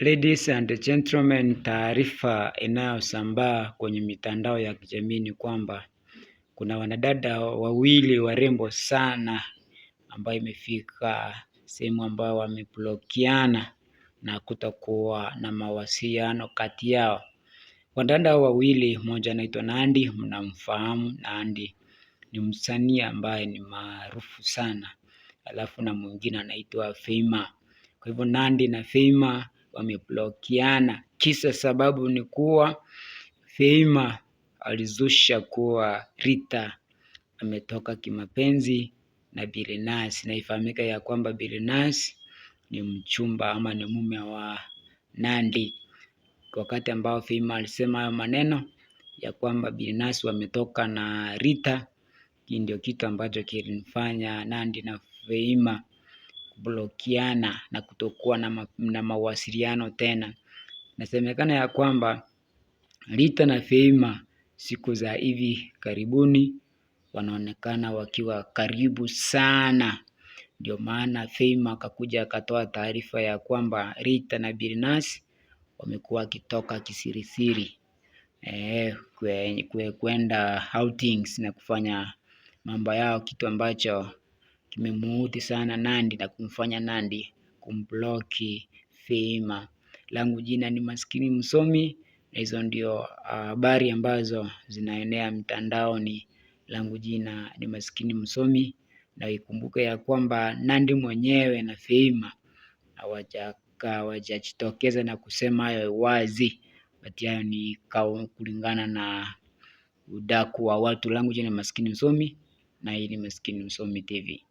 Ladies and gentlemen, taarifa inayosambaa kwenye mitandao ya kijamii ni kwamba kuna wanadada wawili warembo sana ambayo imefika sehemu ambayo wameblokiana na kutakuwa na mawasiliano kati yao. Wanadada wawili, mmoja anaitwa Nandy, mnamfahamu Nandy ni msanii ambaye ni maarufu sana, alafu na mwingine anaitwa Fayma. Kwa hivyo Nandy na Fayma wameblokiana. Kisa sababu ni kuwa Feima alizusha kuwa Rita ametoka kimapenzi na Birinasi, na ifahamika ya kwamba Birinasi ni mchumba ama ni mume wa Nandi. Wakati ambao Feima alisema hayo maneno ya kwamba Birinasi wametoka na Rita, hii ndio kitu ambacho kilimfanya Nandi na Feima kublokiana na kutokuwa na, ma, na mawasiliano tena. Nasemekana ya kwamba Rita na Feima siku za hivi karibuni wanaonekana wakiwa karibu sana. Ndio maana Feima akakuja akatoa taarifa ya kwamba Rita na Billnass wamekuwa wakitoka kisirisiri eh, kwenda outings na kufanya mambo yao, kitu ambacho kimemuudhi sana nandi na kumfanya nandi kumbloki feima Langu jina ni Maskini Msomi, na hizo ndio ah, habari uh, ambazo zinaenea mtandaoni. Langu jina ni Maskini Msomi, na ikumbuke ya kwamba nandi mwenyewe na hawajaka hawajajitokeza na kusema hayo wazi, bali hayo ni kulingana na udaku wa watu. Langu jina Maskini Msomi na hii ni Maskini Msomi TV.